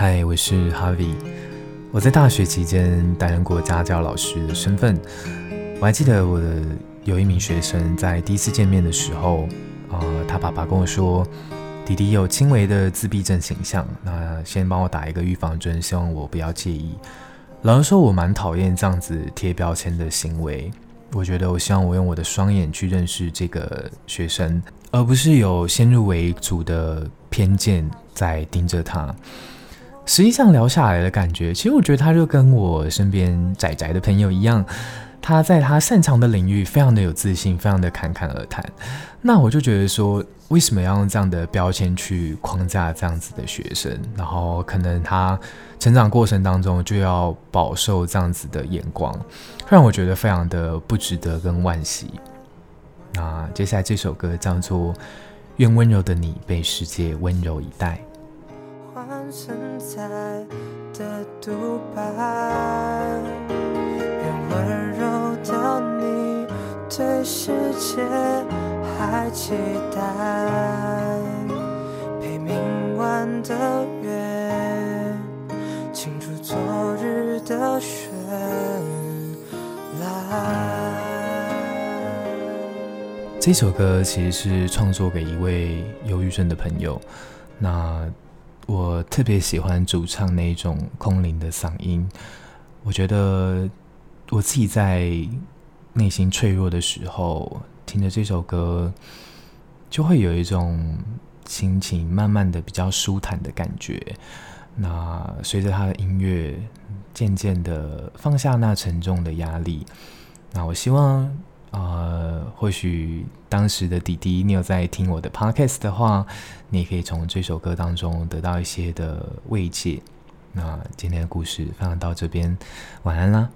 嗨，Hi, 我是 Harvie。我在大學期間擔任過家教老師的身份。我還記得我的有一名學生在第一次見面的時候，呃，他爸爸跟我說：“弟弟有輕微的自閉症傾向。”那先幫我打一個預防針，希望我不要介意。老實說我蠻討厭這樣子貼標籤的行為。我覺得我希望我用我的雙眼去認識這個學生，而不是有先入為主的偏見在盯着他。實際上聊下來的感覺，其實我覺得他就跟我身邊宅宅的朋友一樣，他在他擅長的領域非常的有自信，非常的侃侃而談。那我就覺得說，為什麼要用這樣的標籤去框架這樣子的學生？然後可能他成長過程當中就要飽受這樣子的眼光，讓我覺得非常的不值得跟惋惜。那接下來這首歌叫做《願溫柔的你被世界溫柔以待》。存在的獨白，溫柔的你被世界溫柔以待，陪明晚的月清除昨日的絢爛。這首歌其實是創作給一位憂鬱症的朋友，那。我特別喜歡主唱那種空靈的嗓音，我覺得我自己在內心脆弱的時候，聽着這首歌，就會有一種心情慢慢的比較舒坦的感覺。那隨着他的音樂，漸漸的放下那沉重的壓力。那我希望。呃，或許當時的弟弟，你有在聽我的 podcast 的話，你也可以從這首歌當中得到一些的慰藉。那今天的故事分享到這邊，晚安啦。